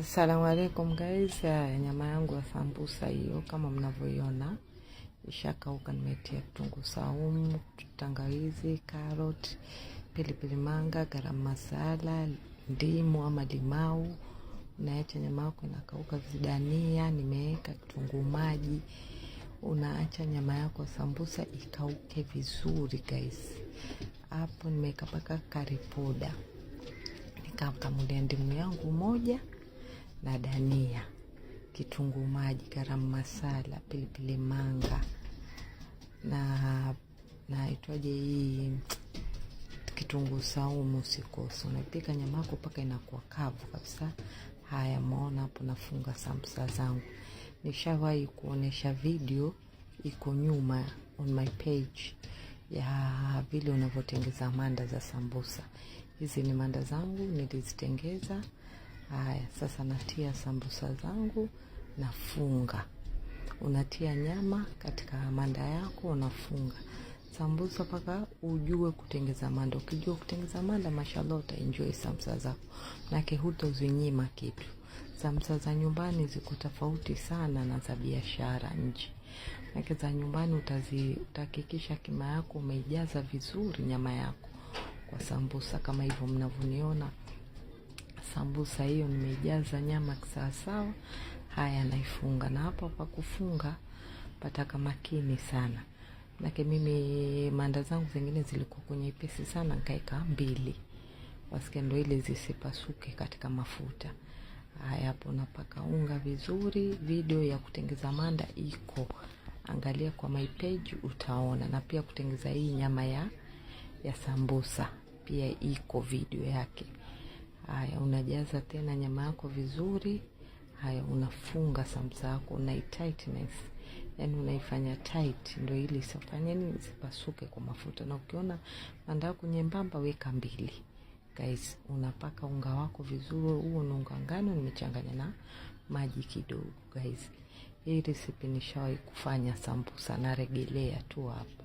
Assalamu alaikum guys. Haya, nyama yangu ya sambusa hiyo kama mnavyoiona ishakauka. Nimetia kitunguu saumu, tangawizi, carrot, pilipili manga, garam masala, ndimu ama limau. Unaacha nyama yako inakauka zidania nimeweka kitunguu maji. Unaacha nyama yako sambusa ikauke vizuri guys. Hapo nimekapaka karipoda, nikakamulia ndimu yangu moja na dania, kitunguu maji, garam masala, pilipili manga na naitwaje hii kitunguu saumu usikose. Unaipika nyama yako mpaka inakuwa kavu kabisa. Haya, maona hapo, nafunga samsa zangu. Nishawahi kuonesha video iko nyuma on my page ya vile unavyotengeza manda za sambusa. Hizi ni manda zangu nilizitengeza. Haya, sasa natia sambusa zangu, nafunga. Unatia nyama katika manda yako, unafunga sambusa mpaka ujue kutengeza manda. Ukijua kutengeza manda, mashallah, utaenjoy sambusa zako, nake hutozinyima kitu. Samsa za nyumbani ziko tofauti sana na za biashara nje. Nake za nyumbani utahakikisha kima yako umeijaza vizuri nyama yako kwa sambusa, kama hivyo mnavyoniona sambusa hiyo nimeijaza nyama kisawasawa. Haya, naifunga na hapa pa kufunga pataka makini sana, manake mimi manda zangu zingine zilikuwa kwenye pesi sana, nkaeka mbili, wasikia ndo ile zisipasuke katika mafuta haya. Hapo napaka unga vizuri. Video ya kutengeza manda iko, angalia kwa my page utaona, na pia kutengeza hii nyama ya ya sambusa pia iko video yake. Haya, unajaza tena nyama yako vizuri. Haya, unafunga samsa yako, na tightness, yani unaifanya tight, ndio ili isafanye nini, isipasuke kwa mafuta. Na ukiona manda yako nyembamba, weka mbili. Guys, unapaka unga wako vizuri. Huo ni unga ngano nimechanganya na maji kidogo. Guys, hii recipe nishawahi kufanya sambusa, naregelea tu hapo.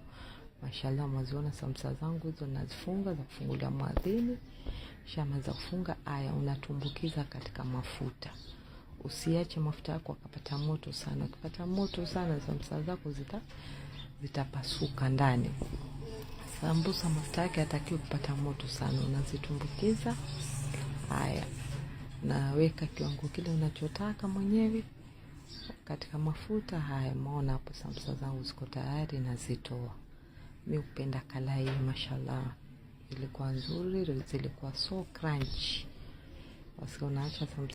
Mashallah, mwaziona samsa zangu hizo, nazifunga za kufungulia mwadhini za kufunga aya, unatumbukiza katika mafuta. Usiache mafuta yako akapata moto sana. Ukipata moto sana, sambusa zako zita zitapasuka ndani. Sambusa mafuta yake hatakiwi kupata moto sana. Unazitumbukiza haya, naweka kiwango kile unachotaka mwenyewe katika mafuta haya. Maona hapo, sambusa zangu ziko tayari, nazitoa. Mi upenda kalai, mashallah. Ilikuwa nzuri, zilikuwa so crunchy, wasiunaacha